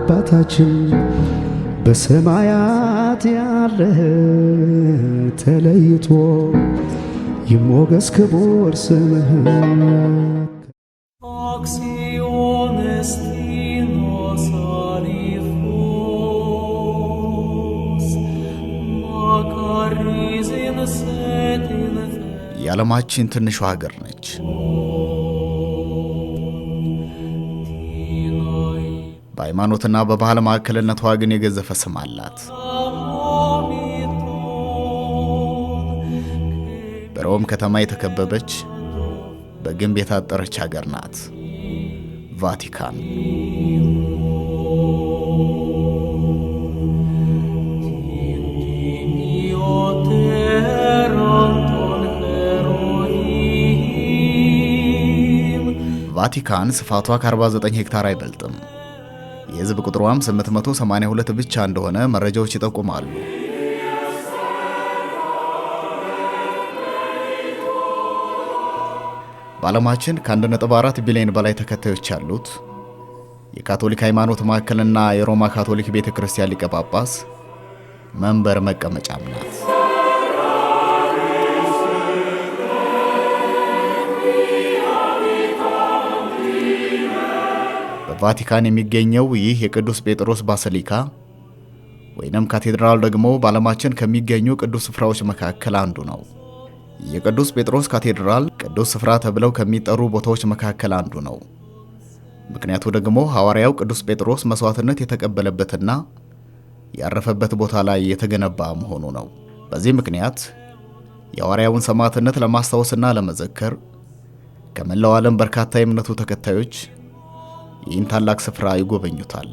አባታችን በሰማያት ያለ ተለይቶ ይሞገስ ክቡር ስምህ። የዓለማችን ትንሿ ሀገር ነች። በሃይማኖትና በባህል ማዕከልነቷ ግን የገዘፈ ስም አላት። በሮም ከተማ የተከበበች በግንብ የታጠረች ሀገር ናት ቫቲካን። ቫቲካን ስፋቷ ከ49 ሄክታር አይበልጥም። የህዝብ ቁጥሯም 882 ብቻ እንደሆነ መረጃዎች ይጠቁማሉ። በዓለማችን ከ1.4 ቢሊዮን በላይ ተከታዮች ያሉት የካቶሊክ ሃይማኖት ማዕከልና የሮማ ካቶሊክ ቤተ ክርስቲያን ሊቀ ጳጳስ መንበር መቀመጫም ናት። ቫቲካን የሚገኘው ይህ የቅዱስ ጴጥሮስ ባሰሊካ ወይንም ካቴድራል ደግሞ በዓለማችን ከሚገኙ ቅዱስ ስፍራዎች መካከል አንዱ ነው። የቅዱስ ጴጥሮስ ካቴድራል ቅዱስ ስፍራ ተብለው ከሚጠሩ ቦታዎች መካከል አንዱ ነው። ምክንያቱ ደግሞ ሐዋርያው ቅዱስ ጴጥሮስ መሥዋዕትነት የተቀበለበትና ያረፈበት ቦታ ላይ የተገነባ መሆኑ ነው። በዚህ ምክንያት የሐዋርያውን ሰማዕትነት ለማስታወስና ለመዘከር ከመላው ዓለም በርካታ የእምነቱ ተከታዮች ይህን ታላቅ ስፍራ ይጎበኙታል።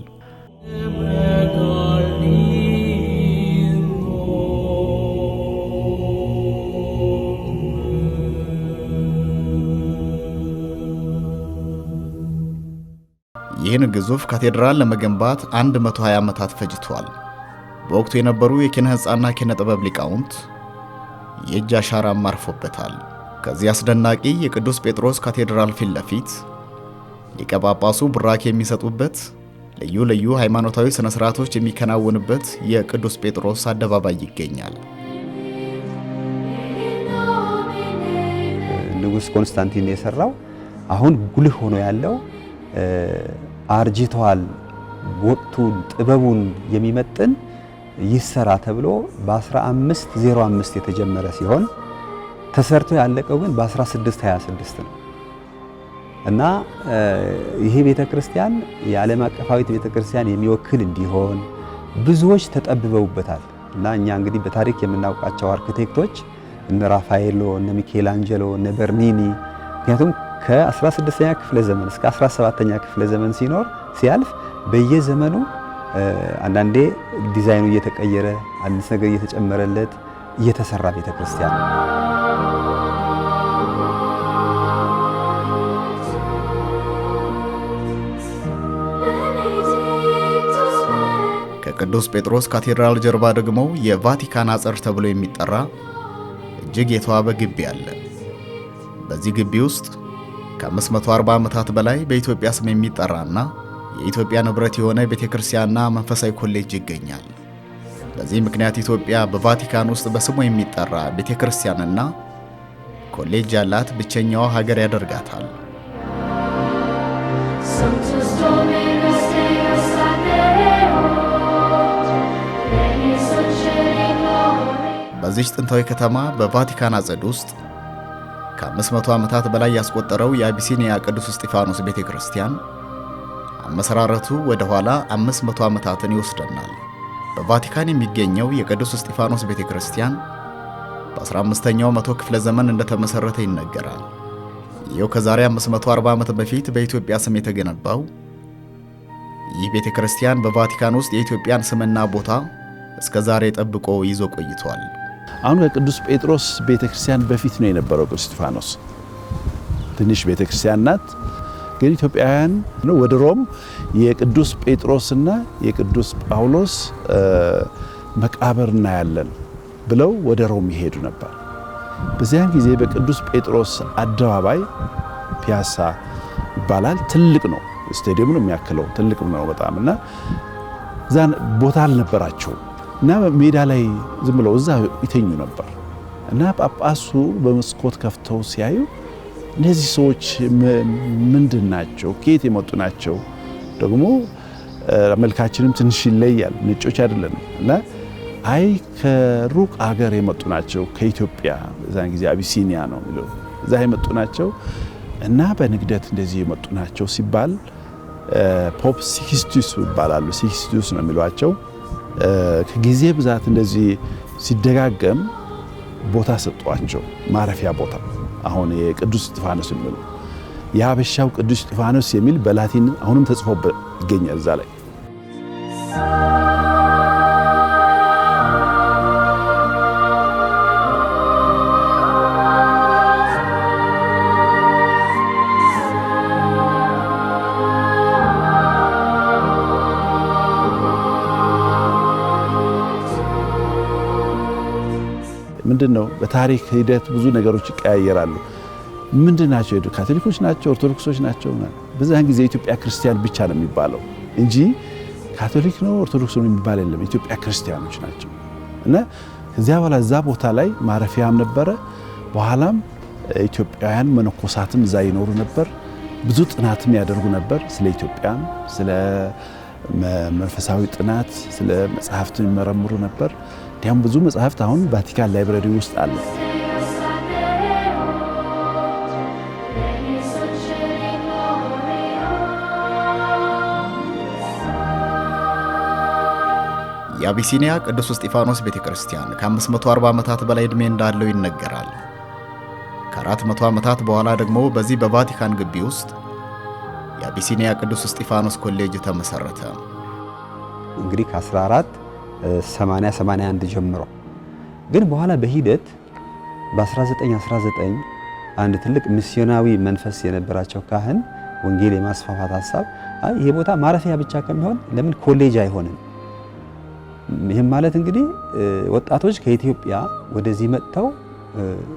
ይህን ግዙፍ ካቴድራል ለመገንባት 120 ዓመታት ፈጅቷል። በወቅቱ የነበሩ የኪነ ሕንፃና ኪነ ጥበብ ሊቃውንት የእጅ አሻራም አርፎበታል። ከዚህ አስደናቂ የቅዱስ ጴጥሮስ ካቴድራል ፊት ለፊት ሊቀ ጳጳሱ ቡራኬ የሚሰጡበት ልዩ ልዩ ሃይማኖታዊ ሥነ ሥርዓቶች የሚከናወንበት የቅዱስ ጴጥሮስ አደባባይ ይገኛል። ንጉሥ ኮንስታንቲን የሰራው አሁን ጉልህ ሆኖ ያለው አርጅተዋል፣ ወቅቱን ጥበቡን የሚመጥን ይሰራ ተብሎ በ1505 የተጀመረ ሲሆን ተሰርቶ ያለቀው ግን በ1626 ነው። እና ይሄ ቤተክርስቲያን የዓለም አቀፋዊት ቤተክርስቲያን የሚወክል እንዲሆን ብዙዎች ተጠብበውበታል እና እኛ እንግዲህ በታሪክ የምናውቃቸው አርክቴክቶች እነ ራፋኤሎ፣ እነ ሚኬል አንጀሎ፣ እነ በርኒኒ ምክንያቱም ከ16ኛ ክፍለ ዘመን እስከ 17ኛ ክፍለ ዘመን ሲኖር ሲያልፍ በየዘመኑ አንዳንዴ ዲዛይኑ እየተቀየረ አንድ ነገር እየተጨመረለት እየተሰራ ቤተክርስቲያን ቅዱስ ጴጥሮስ ካቴድራል ጀርባ ደግሞ የቫቲካን አጸር ተብሎ የሚጠራ እጅግ የተዋበ ግቢ አለ። በዚህ ግቢ ውስጥ ከ540 ዓመታት በላይ በኢትዮጵያ ስም የሚጠራና የኢትዮጵያ ንብረት የሆነ ቤተክርስቲያንና መንፈሳዊ ኮሌጅ ይገኛል። በዚህ ምክንያት ኢትዮጵያ በቫቲካን ውስጥ በስሙ የሚጠራ ቤተክርስቲያንና ኮሌጅ ያላት ብቸኛዋ ሀገር ያደርጋታል። በዚህ ጥንታዊ ከተማ በቫቲካን አጸድ ውስጥ ከ500 ዓመታት በላይ ያስቆጠረው የአቢሲኒያ ቅዱስ እስጢፋኖስ ቤተ ክርስቲያን አመሰራረቱ ወደ ኋላ 500 ዓመታትን ይወስደናል። በቫቲካን የሚገኘው የቅዱስ እስጢፋኖስ ቤተ ክርስቲያን በ15ኛው መቶ ክፍለ ዘመን እንደተመሠረተ ይነገራል። ይኸው ከዛሬ 540 ዓመት በፊት በኢትዮጵያ ስም የተገነባው ይህ ቤተ ክርስቲያን በቫቲካን ውስጥ የኢትዮጵያን ስምና ቦታ እስከ ዛሬ ጠብቆ ይዞ ቆይቷል። አሁን ከቅዱስ ጴጥሮስ ቤተክርስቲያን በፊት ነው የነበረው ቅዱስ እስጢፋኖስ። ትንሽ ቤተክርስቲያን ናት፣ ግን ኢትዮጵያውያን ወደ ሮም የቅዱስ ጴጥሮስና የቅዱስ ጳውሎስ መቃብር እናያለን ብለው ወደ ሮም ይሄዱ ነበር። በዚያን ጊዜ በቅዱስ ጴጥሮስ አደባባይ ፒያሳ ይባላል። ትልቅ ነው፣ ነው የሚያክለው ትልቅ ነው በጣም እና እዛ ቦታ አልነበራቸውም እና ሜዳ ላይ ዝም ብለው እዛ ይተኙ ነበር እና ጳጳሱ በመስኮት ከፍተው ሲያዩ እነዚህ ሰዎች ምንድን ናቸው? ከየት የመጡ ናቸው? ደግሞ መልካችንም ትንሽ ይለያል፣ ነጮች አይደለን እና አይ ከሩቅ አገር የመጡ ናቸው፣ ከኢትዮጵያ እዛን ጊዜ አቢሲኒያ ነው የሚለው እዛ የመጡ ናቸው እና በንግደት እንደዚህ የመጡ ናቸው ሲባል ፖፕ ሲክስቲስ ይባላሉ። ሲክስቲስ ነው የሚሏቸው ከጊዜ ብዛት እንደዚህ ሲደጋገም ቦታ ሰጧቸው፣ ማረፊያ ቦታ። አሁን የቅዱስ እስጢፋኖስ የሚሉ የሀበሻው ቅዱስ እስጢፋኖስ የሚል በላቲን አሁንም ተጽፎበት ይገኛል እዛ ላይ ምንድን ነው በታሪክ ሂደት ብዙ ነገሮች ይቀያየራሉ። ምንድን ናቸው ሄዱ ካቶሊኮች ናቸው ኦርቶዶክሶች ናቸው። በዛን ጊዜ ኢትዮጵያ ክርስቲያን ብቻ ነው የሚባለው እንጂ ካቶሊክ ነው ኦርቶዶክስ ነው የሚባል የለም። ኢትዮጵያ ክርስቲያኖች ናቸው እና ከዚያ በኋላ እዛ ቦታ ላይ ማረፊያም ነበረ። በኋላም ኢትዮጵያውያን መነኮሳትም እዛ ይኖሩ ነበር። ብዙ ጥናትም ያደርጉ ነበር። ስለ ኢትዮጵያም ስለ መንፈሳዊ ጥናት ስለ መጽሐፍትን ይመረምሩ ነበር። እንዲያውም ብዙ መጽሐፍት አሁን ቫቲካን ላይብረሪ ውስጥ አለ። የአቢሲኒያ ቅዱስ እስጢፋኖስ ቤተ ክርስቲያን ከ540 ዓመታት በላይ ዕድሜ እንዳለው ይነገራል። ከ400 ዓመታት በኋላ ደግሞ በዚህ በቫቲካን ግቢ ውስጥ የአቢሲኒያ ቅዱስ እስጢፋኖስ ኮሌጅ ተመሠረተ። እንግዲህ ከ14 80 81 ጀምሮ ግን በኋላ በሂደት በ1919 አንድ ትልቅ ሚስዮናዊ መንፈስ የነበራቸው ካህን ወንጌል የማስፋፋት ሀሳብ ይሄ ቦታ ማረፊያ ብቻ ከሚሆን ለምን ኮሌጅ አይሆንም? ይህም ማለት እንግዲህ ወጣቶች ከኢትዮጵያ ወደዚህ መጥተው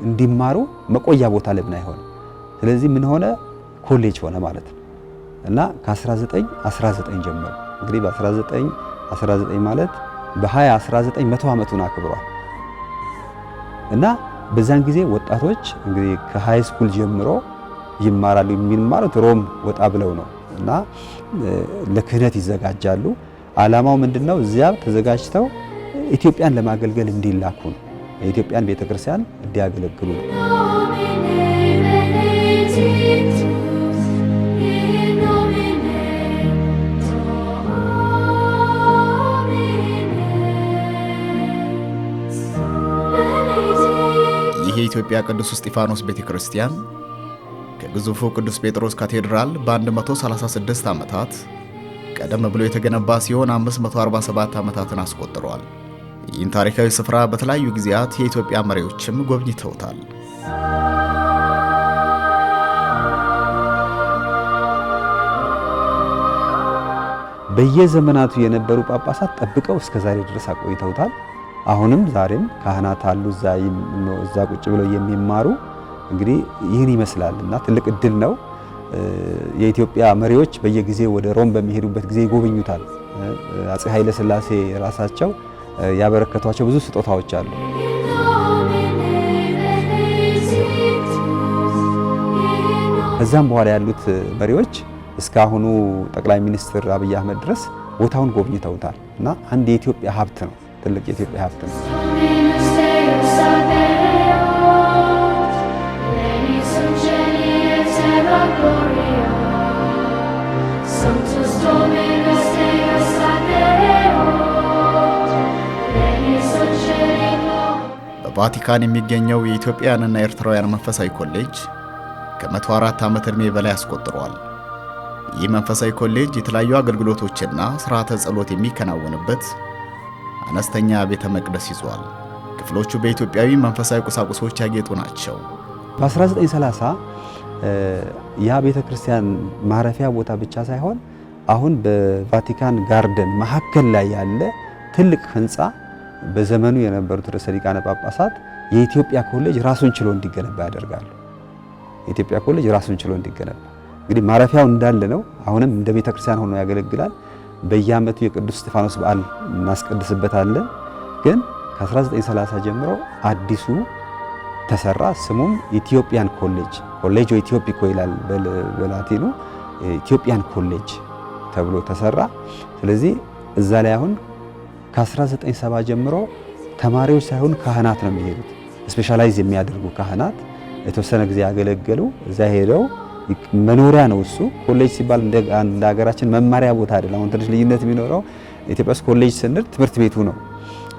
እንዲማሩ መቆያ ቦታ ለምን አይሆን? ስለዚህ ምን ሆነ? ኮሌጅ ሆነ ማለት ነው እና ከ1919 ጀመሩ እንግዲህ በ1919 ማለት በ2019 መቶ ዓመቱን አክብሯል እና በዛን ጊዜ ወጣቶች እንግዲህ ከሃይ ስኩል ጀምሮ ይማራሉ። የሚማሩት ሮም ወጣ ብለው ነው እና ለክህነት ይዘጋጃሉ። አላማው ምንድነው እዚያ ተዘጋጅተው ኢትዮጵያን ለማገልገል እንዲላኩ ነው። የኢትዮጵያን ቤተክርስቲያን እንዲያገለግሉ ነው። የኢትዮጵያ ቅዱስ እስጢፋኖስ ቤተ ክርስቲያን ከግዙፉ ቅዱስ ጴጥሮስ ካቴድራል በ136 ዓመታት ቀደም ብሎ የተገነባ ሲሆን 547 ዓመታትን አስቆጥሯል። ይህን ታሪካዊ ስፍራ በተለያዩ ጊዜያት የኢትዮጵያ መሪዎችም ጎብኝተውታል። በየዘመናቱ የነበሩ ጳጳሳት ጠብቀው እስከዛሬ ድረስ አቆይተውታል። አሁንም ዛሬም ካህናት አሉ እዛ ቁጭ ብለው የሚማሩ እንግዲህ ይህን ይመስላል እና ትልቅ እድል ነው። የኢትዮጵያ መሪዎች በየጊዜው ወደ ሮም በሚሄዱበት ጊዜ ይጎበኙታል። አፄ ኃይለ ሥላሴ ራሳቸው ያበረከቷቸው ብዙ ስጦታዎች አሉ። ከዛም በኋላ ያሉት መሪዎች እስካሁኑ ጠቅላይ ሚኒስትር አብይ አህመድ ድረስ ቦታውን ጎብኝተውታል እና አንድ የኢትዮጵያ ሀብት ነው። ትልቅ የኢትዮጵያ ሀብት ነው። በቫቲካን የሚገኘው የኢትዮጵያውያንና ኤርትራውያን መንፈሳዊ ኮሌጅ ከ104 ዓመት ዕድሜ በላይ አስቆጥሯል። ይህ መንፈሳዊ ኮሌጅ የተለያዩ አገልግሎቶችና ሥርዓተ ጸሎት የሚከናወንበት አነስተኛ ቤተ መቅደስ ይዟል። ክፍሎቹ በኢትዮጵያዊ መንፈሳዊ ቁሳቁሶች ያጌጡ ናቸው። በ1930 ያ ቤተ ክርስቲያን ማረፊያ ቦታ ብቻ ሳይሆን አሁን በቫቲካን ጋርደን መሀከል ላይ ያለ ትልቅ ህንፃ በዘመኑ የነበሩት ርዕሰ ሊቃነ ጳጳሳት የኢትዮጵያ ኮሌጅ ራሱን ችሎ እንዲገነባ ያደርጋሉ። የኢትዮጵያ ኮሌጅ ራሱን ችሎ እንዲገነባ እንግዲህ ማረፊያው እንዳለ ነው። አሁንም እንደ ቤተ ክርስቲያን ሆኖ ያገለግላል። በየዓመቱ የቅዱስ እስጢፋኖስ በዓል እናስቀድስበት አለ። ግን ከ1930 ጀምሮ አዲሱ ተሰራ። ስሙም ኢትዮጵያን ኮሌጅ ኮሌጅ ኢትዮፒኮ ይላል በላቲኑ ኢትዮጵያን ኮሌጅ ተብሎ ተሰራ። ስለዚህ እዛ ላይ አሁን ከ1970 ጀምሮ ተማሪዎች ሳይሆን ካህናት ነው የሚሄዱት። ስፔሻላይዝ የሚያደርጉ ካህናት የተወሰነ ጊዜ ያገለገሉ እዛ ሄደው መኖሪያ ነው። እሱ ኮሌጅ ሲባል እንደ ሀገራችን መማሪያ ቦታ አይደለም። አሁን ትንሽ ልዩነት የሚኖረው ኢትዮጵያ ውስጥ ኮሌጅ ስንል ትምህርት ቤቱ ነው፣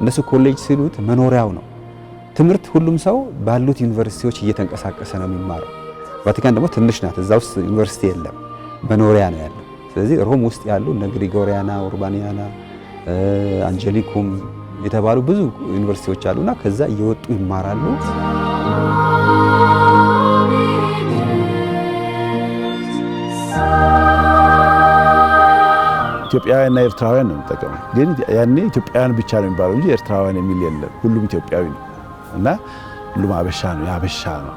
እነሱ ኮሌጅ ሲሉት መኖሪያው ነው። ትምህርት ሁሉም ሰው ባሉት ዩኒቨርሲቲዎች እየተንቀሳቀሰ ነው የሚማረው። ቫቲካን ደግሞ ትንሽ ናት፣ እዛ ውስጥ ዩኒቨርሲቲ የለም፣ መኖሪያ ነው ያለው። ስለዚህ ሮም ውስጥ ያሉ እነ ግሪጎሪያና፣ ኡርባኒያና፣ አንጀሊኩም የተባሉ ብዙ ዩኒቨርሲቲዎች አሉና ከዛ እየወጡ ይማራሉ። ኢትዮጵያውያንና ኤርትራውያን ነው የምንጠቀመው። ግን ያኔ ኢትዮጵያውያን ብቻ ነው የሚባለው እንጂ ኤርትራውያን የሚል የለም። ሁሉም ኢትዮጵያዊ ነው እና ሁሉም አበሻ ነው የአበሻ ነው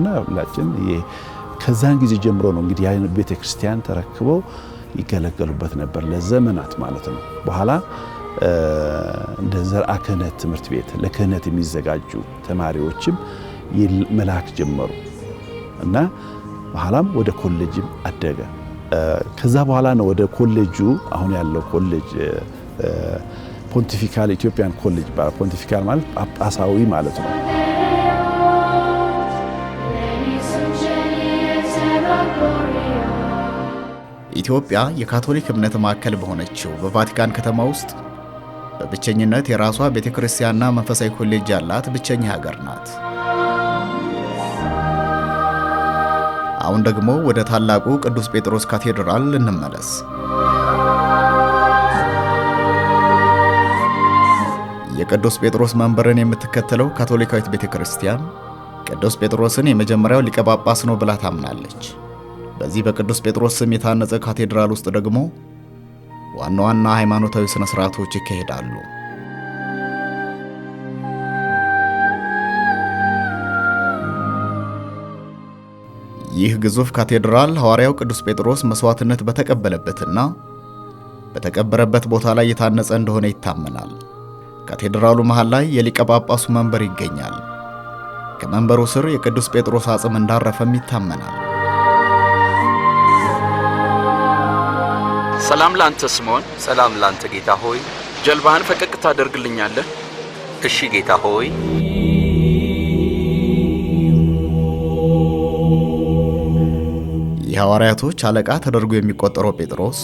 እና ሁላችን ከዛን ጊዜ ጀምሮ ነው እንግዲህ ያን ክርስቲያን ተረክበው ይገለገሉበት ነበር ለዘመናት ማለት ነው። በኋላ እንደ ዘርአ ክህነት ትምህርት ቤት ለክህነት የሚዘጋጁ ተማሪዎችም መላክ ጀመሩ እና በኋላም ወደ ኮሌጅም አደገ። ከዛ በኋላ ነው ወደ ኮሌጁ አሁን ያለው ኮሌጅ ፖንቲፊካል ኢትዮጵያን ኮሌጅ ይባላል። ፖንቲፊካል ማለት ጳጳሳዊ ማለት ነው። ኢትዮጵያ የካቶሊክ እምነት ማዕከል በሆነችው በቫቲካን ከተማ ውስጥ በብቸኝነት የራሷ ቤተ ክርስቲያንና መንፈሳዊ ኮሌጅ ያላት ብቸኛ ሀገር ናት። አሁን ደግሞ ወደ ታላቁ ቅዱስ ጴጥሮስ ካቴድራል እንመለስ። የቅዱስ ጴጥሮስ መንበርን የምትከተለው ካቶሊካዊት ቤተ ክርስቲያን ቅዱስ ጴጥሮስን የመጀመሪያው ሊቀ ጳጳስ ነው ብላ ታምናለች። በዚህ በቅዱስ ጴጥሮስ ስም የታነጸ ካቴድራል ውስጥ ደግሞ ዋና ዋና ሃይማኖታዊ ሥነ ሥርዓቶች ይካሄዳሉ። ይህ ግዙፍ ካቴድራል ሐዋርያው ቅዱስ ጴጥሮስ መሥዋዕትነት በተቀበለበትና በተቀበረበት ቦታ ላይ የታነጸ እንደሆነ ይታመናል። ካቴድራሉ መሃል ላይ የሊቀ ጳጳሱ መንበር ይገኛል። ከመንበሩ ስር የቅዱስ ጴጥሮስ አጽም እንዳረፈም ይታመናል። ሰላም ላንተ ስምዖን፣ ሰላም ላንተ ጌታ ሆይ። ጀልባህን ፈቀቅ ታደርግልኛለህ? እሺ ጌታ ሆይ። የሐዋርያቶች አለቃ ተደርጎ የሚቆጠረው ጴጥሮስ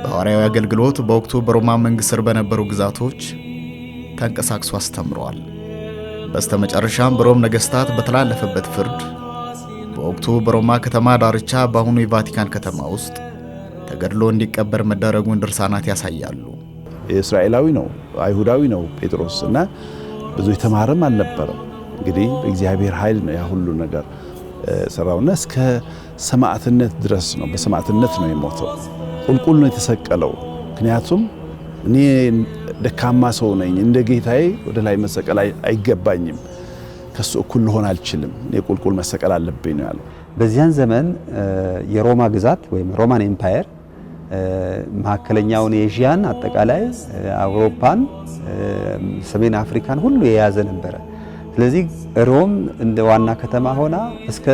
በሐዋርያዊ አገልግሎት በወቅቱ በሮማ መንግሥት ስር በነበሩ ግዛቶች ተንቀሳቅሶ አስተምረዋል። በስተመጨረሻም በሮም ነገሥታት በተላለፈበት ፍርድ በወቅቱ በሮማ ከተማ ዳርቻ በአሁኑ የቫቲካን ከተማ ውስጥ ተገድሎ እንዲቀበር መደረጉን ድርሳናት ያሳያሉ። እስራኤላዊ ነው፣ አይሁዳዊ ነው ጴጥሮስ እና ብዙ የተማረም አልነበረም። እንግዲህ በእግዚአብሔር ኃይል ነው ያ ሁሉ ነገር ሰራውና እስከ ሰማዕትነት ድረስ ነው። በሰማዕትነት ነው የሞተው። ቁልቁል ነው የተሰቀለው። ምክንያቱም እኔ ደካማ ሰው ነኝ፣ እንደ ጌታዬ ወደ ላይ መሰቀል አይገባኝም፣ ከሱ እኩል ልሆን አልችልም፣ እኔ ቁልቁል መሰቀል አለብኝ ነው ያለው። በዚያን ዘመን የሮማ ግዛት ወይም ሮማን ኤምፓየር መካከለኛውን ኤዥያን፣ አጠቃላይ አውሮፓን፣ ሰሜን አፍሪካን ሁሉ የያዘ ነበረ። ስለዚህ ሮም እንደ ዋና ከተማ ሆና እስከ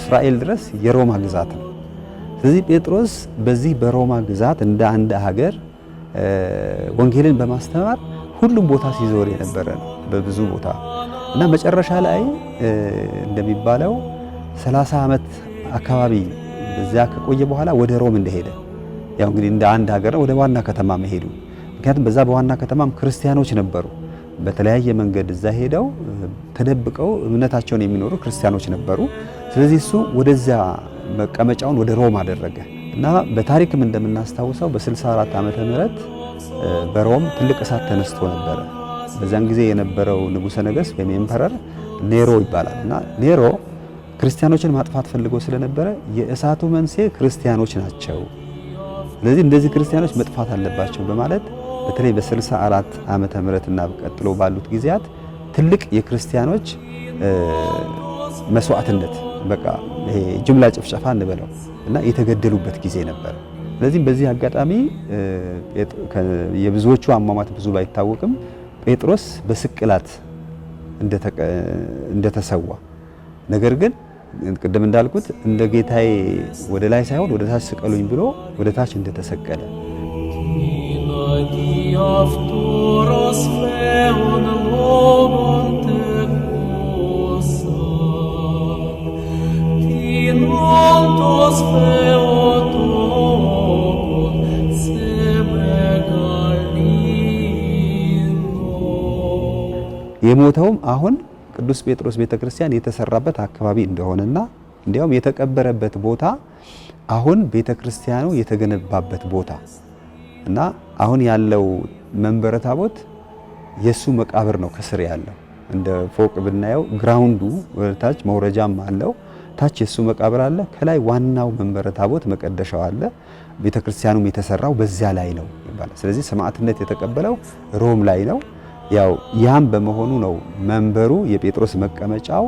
እስራኤል ድረስ የሮማ ግዛት ነው። ስለዚህ ጴጥሮስ በዚህ በሮማ ግዛት እንደ አንድ ሀገር ወንጌልን በማስተማር ሁሉም ቦታ ሲዞር የነበረ ነው፣ በብዙ ቦታ እና መጨረሻ ላይ እንደሚባለው 30 ዓመት አካባቢ እዚያ ከቆየ በኋላ ወደ ሮም እንደሄደ ያው እንግዲህ እንደ አንድ ሀገር ነው ወደ ዋና ከተማ መሄዱ። ምክንያቱም በዛ በዋና ከተማም ክርስቲያኖች ነበሩ። በተለያየ መንገድ እዛ ሄደው ተደብቀው እምነታቸውን የሚኖሩ ክርስቲያኖች ነበሩ። ስለዚህ እሱ ወደዚያ መቀመጫውን ወደ ሮም አደረገ እና በታሪክም እንደምናስታውሰው በ64 ዓመተ ምህረት በሮም ትልቅ እሳት ተነስቶ ነበረ። በዚያን ጊዜ የነበረው ንጉሠ ነገስት ወይም ኤምፐረር ኔሮ ይባላል እና ኔሮ ክርስቲያኖችን ማጥፋት ፈልጎ ስለነበረ የእሳቱ መንስኤ ክርስቲያኖች ናቸው፣ ስለዚህ እንደዚህ ክርስቲያኖች መጥፋት አለባቸው በማለት በተለይ በ64 ዓመተ ምህረትና ቀጥሎ ባሉት ጊዜያት ትልቅ የክርስቲያኖች መስዋዕትነት በቃ ጅምላ ጭፍጨፋ እንበለው እና የተገደሉበት ጊዜ ነበር። ስለዚህም በዚህ አጋጣሚ የብዙዎቹ አሟሟት ብዙ ባይታወቅም ጴጥሮስ በስቅላት እንደተሰዋ ነገር ግን ቅድም እንዳልኩት እንደ ጌታዬ ወደ ላይ ሳይሆን ወደ ታች ስቀሉኝ ብሎ ወደ ታች እንደተሰቀለ የሞተውም አሁን e ቅዱስ ጴጥሮስ ቤተክርስቲያን የተሰራበት አካባቢ እንደሆነና እንዲያውም የተቀበረበት ቦታ አሁን ቤተክርስቲያኑ የተገነባበት ቦታ እና አሁን ያለው መንበረ ታቦት የእሱ መቃብር ነው። ከስር ያለው እንደ ፎቅ ብናየው ግራውንዱ ታች መውረጃም አለው። ታች የእሱ መቃብር አለ። ከላይ ዋናው መንበረ ታቦት መቀደሻው አለ። ቤተ ክርስቲያኑም የተሰራው በዚያ ላይ ነው ይባላል። ስለዚህ ሰማዕትነት የተቀበለው ሮም ላይ ነው። ያው ያም በመሆኑ ነው መንበሩ የጴጥሮስ መቀመጫው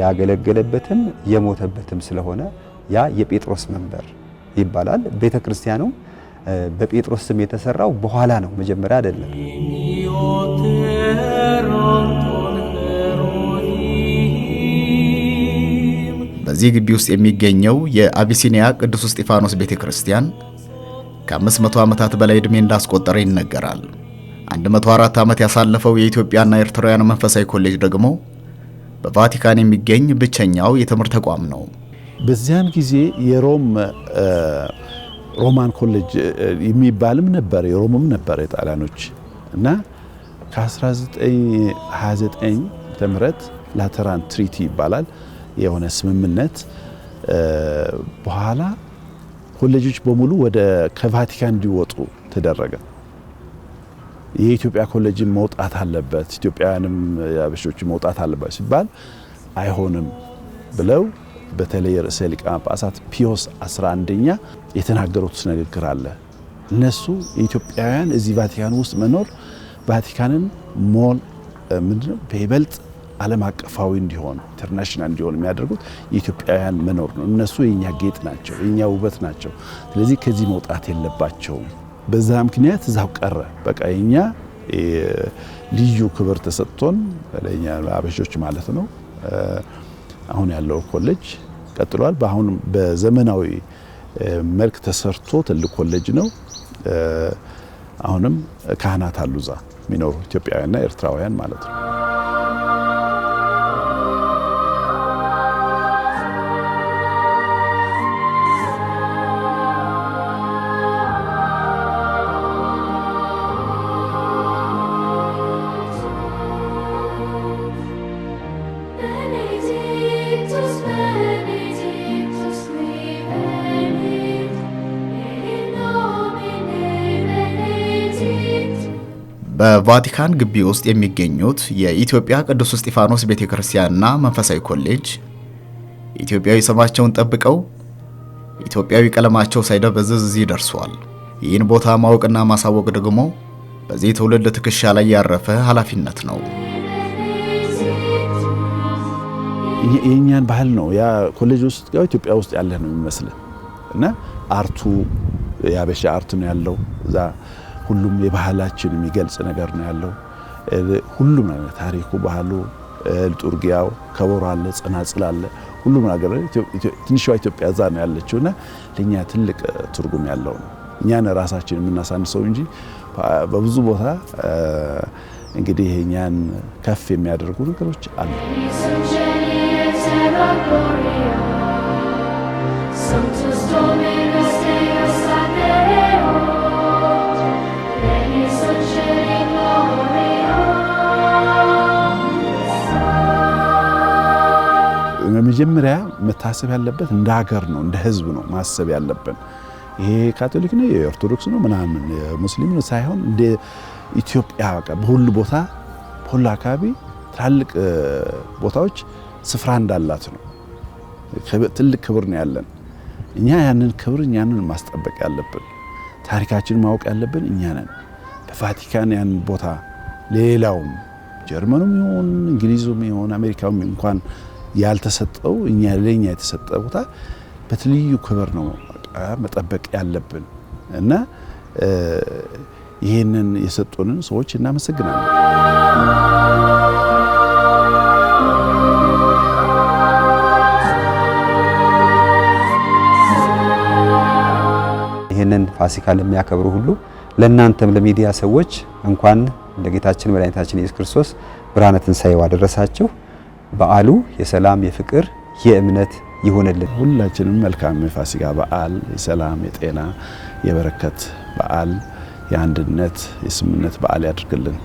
ያገለገለበትም የሞተበትም ስለሆነ ያ የጴጥሮስ መንበር ይባላል። ቤተ ክርስቲያኑም በጴጥሮስ ስም የተሰራው በኋላ ነው፣ መጀመሪያ አይደለም። በዚህ ግቢ ውስጥ የሚገኘው የአቢሲኒያ ቅዱስ እስጢፋኖስ ቤተ ክርስቲያን ከ500 ዓመታት በላይ ዕድሜ እንዳስቆጠረ ይነገራል። 104 ዓመት ያሳለፈው የኢትዮጵያና ኤርትራውያን መንፈሳዊ ኮሌጅ ደግሞ በቫቲካን የሚገኝ ብቸኛው የትምህርት ተቋም ነው። በዚያን ጊዜ የሮም ሮማን ኮሌጅ የሚባልም ነበረ፣ የሮምም ነበረ የጣሊያኖች እና ከ1929 ትምህርት ላተራን ትሪቲ ይባላል የሆነ ስምምነት በኋላ ኮሌጆች በሙሉ ወደ ከቫቲካን እንዲወጡ ተደረገ። የኢትዮጵያ ኮሌጅን መውጣት አለበት፣ ኢትዮጵያውያንም አበሾች መውጣት አለበት ሲባል አይሆንም ብለው በተለይ ርዕሰ ሊቃነ ጳጳሳት ፒዮስ 11ኛ የተናገሩት ንግግር አለ። እነሱ የኢትዮጵያውያን እዚህ ቫቲካን ውስጥ መኖር ቫቲካንን ሞል ምንድነው በይበልጥ ዓለም አቀፋዊ እንዲሆን ኢንተርናሽናል እንዲሆን የሚያደርጉት የኢትዮጵያውያን መኖር ነው። እነሱ የኛ ጌጥ ናቸው፣ የኛ ውበት ናቸው። ስለዚህ ከዚህ መውጣት የለባቸውም። በዛ ምክንያት እዛው ቀረ። በቃ የኛ ልዩ ክብር ተሰጥቶን ለእኛ አበሾች ማለት ነው አሁን ያለው ኮሌጅ ቀጥሏል። በአሁን በዘመናዊ መልክ ተሰርቶ ትልቅ ኮሌጅ ነው። አሁንም ካህናት አሉ እዛ የሚኖሩ ኢትዮጵያውያንና ኤርትራውያን ማለት ነው። በቫቲካን ግቢ ውስጥ የሚገኙት የኢትዮጵያ ቅዱስ እስጢፋኖስ ቤተ ክርስቲያንና መንፈሳዊ ኮሌጅ ኢትዮጵያዊ ስማቸውን ጠብቀው ኢትዮጵያዊ ቀለማቸው ሳይደበዝዝ እዚህ ደርሷል። ይህን ቦታ ማወቅና ማሳወቅ ደግሞ በዚህ ትውልድ ትከሻ ላይ ያረፈ ኃላፊነት ነው። የእኛን ባህል ነው ያ ኮሌጅ ውስጥ ያው ኢትዮጵያ ውስጥ ያለህ ነው የሚመስልህ እና አርቱ የአበሻ አርት ነው ያለው እዛ ሁሉም የባህላችን የሚገልጽ ነገር ነው ያለው። ሁሉም ነገር ታሪኩ፣ ባህሉ፣ ጡርጊያው፣ ከበሮ አለ፣ ጽናጽል አለ፣ ሁሉም ነገር ትንሿ ኢትዮጵያ እዛ ነው ያለችው እና ለእኛ ትልቅ ትርጉም ያለው ነው። እኛን ራሳችን የምናሳንሰው እንጂ በብዙ ቦታ እንግዲህ እኛን ከፍ የሚያደርጉ ነገሮች አሉ። መጀመሪያ መታሰብ ያለበት እንደ ሀገር ነው፣ እንደ ህዝብ ነው ማሰብ ያለብን። ይሄ ካቶሊክ ነው፣ የኦርቶዶክስ ነው፣ ምናምን ሙስሊም ነው ሳይሆን እንደ ኢትዮጵያ በቃ በሁሉ ቦታ በሁሉ አካባቢ ትላልቅ ቦታዎች ስፍራ እንዳላት ነው። ትልቅ ክብር ነው ያለን። እኛ ያንን ክብር እኛንን ማስጠበቅ ያለብን ታሪካችን ማወቅ ያለብን እኛ ነን። በቫቲካን ያን ቦታ ሌላውም ጀርመኑም ይሁን እንግሊዙም ይሁን አሜሪካውም እንኳን ያልተሰጠው እኛ ለኛ የተሰጠ ቦታ በትልዩ ክብር ነው መጠበቅ ያለብን እና ይህንን የሰጡንን ሰዎች እናመሰግናለን። ይህንን ፋሲካ ለሚያከብሩ ሁሉ ለእናንተም ለሚዲያ ሰዎች እንኳን ለጌታችን መድኃኒታችን ኢየሱስ ክርስቶስ ብርሃነ ትንሣኤው አደረሳችሁ። በዓሉ የሰላም የፍቅር የእምነት ይሆንልን። ሁላችንም መልካም የፋሲካ በዓል የሰላም የጤና የበረከት በዓል የአንድነት የስምነት በዓል ያድርግልን።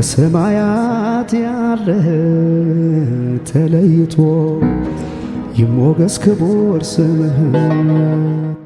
በሰማያት ያለ ተለይቶ ይሞገስ ክቡር ስምህ